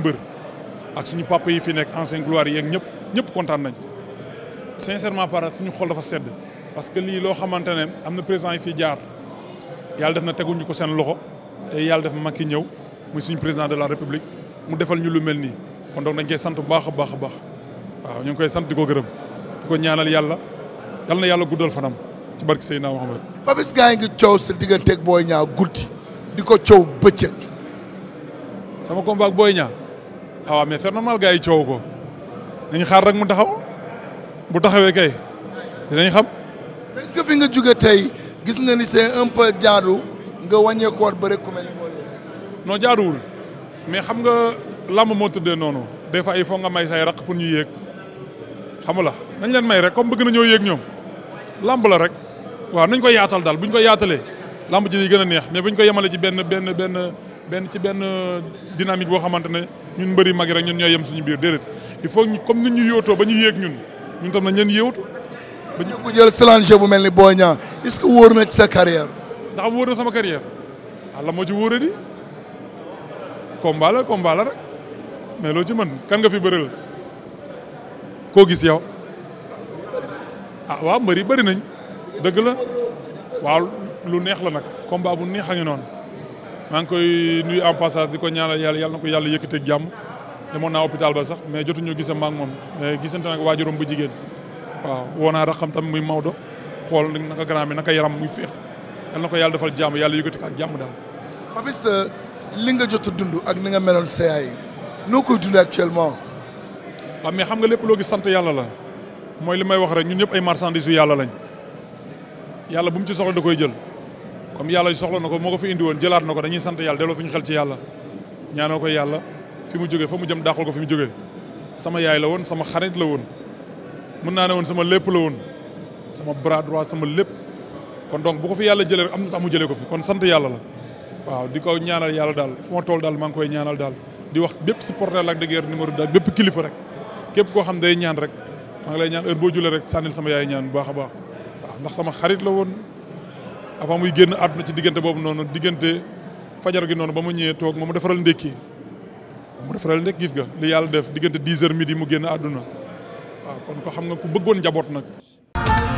mbër ak suñu papa yi fi nekk ancien gloire yeeg ñëpp ñëpp kontaan nañ sincèrement par suñu xool dafa sedd parce que lii loo xamante ne am na président yi fi jaar yàlla def na teguñu ko seen loxo te yàlla def Macky ñëw muy suñu président de la république mu defal ñu lu mel nii kon donc dañ koy sant bu baax a baax a baax waaw ñu ngi koy sant di ko gërëm di ko ñaanal yàlla yal na yàlla guddal fanam ci barke Seydina Mohamed. Papis gaa ngi coow sa digganteeg Boy Niang di ko coow bëccëg. sama combat ak Boy ah waaw mais c'est normal gars yi coow ko nañu xaar rek mu taxaw bu taxawee kay dinañ xam. mais est-ce fi nga jóge tey gis nga ni c'est un peu jaadu nga wàññeeku woon ba rek ku mel jaaduwul mais xam nga lamb moo tëddee noonu des fois il nga may say raq pour ñu yéeg xam nga la nañ leen may rek comme bëgg nañoo yéeg ñoom lamb la rek waaw nañ ko yaatal daal buñ koy yaatalee lamb ji di gën a neex mais buñ ko yemale ci benn benn benn. ben ci ben euh, dynamique bo xamantene ñun mbeuri mag rek ñun ñoy yem suñu biir dedet il faut comme nit ñu yoto bañu ñu ñun ñun tam na ñen yéewatu. bañu ko jël slanger bu melni boña est-ce que wóor na ci sa carrière. da wóor na sama carrière Allah mo ci wóoree di combat la combat la rek mais lo ci man kan nga fi beurel ko gis yow ah wa mbeuri bari nañ deug la wa lu neex la nak combat bu neex a ngi non maa koy nuyu en passage di ko ñaanal yalla yàlla na ko yàlla jamm jàmm demoon hôpital ba sax mais jotuñu gisse mak mom eh, gisante nag wajurum bu jigen waaw wona raxam tam muy mawdo xol naka grand bi naka yaram muy feex yalla na ko defal jamm yalla yëkëte ak jamm daal. Papis euh, li nga jot dundu ak ni nga meloon sa yaay dund actuellement. ba mais xam nga lepp lo gi sante yalla la moy limay wax rek ñun ñëpp ay marchandise yu yalla lañ yalla bu mu ci soxla da koy jël comme yalla soxla nako moko fi indi won jëlaat nako dañuy sante yalla delo suñu xel ci yalla ñaanoko yalla fi mu joge fa mu jëm ko fi mu joge sama yaay la won sama xarit la won mën na sama lepp la won sama bras droit sama lepp kon donc bu ko fi yalla jëlee am na tax mu jëlee ko fi kon sante yalla la waaw di ko ñaanal yalla dal, fu mo tol dal mang koy ñaanal dal di wax bépp supporter Lac de numéro daal bépp kilifa rek képp ko xam day ñaan rek maa ngi lay ñaan heure bo rek sanil sama yaay ñaan bu baaxa baax ndax sama xarit la won avant muy génn àdduna ci diggante boobu noonu diggante fajar gi noonu ba mu ñëwee toog moom defaral ndékki mu defaral ndékki gis nga li yàlla def diggante 10 heures midi mu génn àdduna waaw kon ko xam nga ku bëggoon njaboot nag.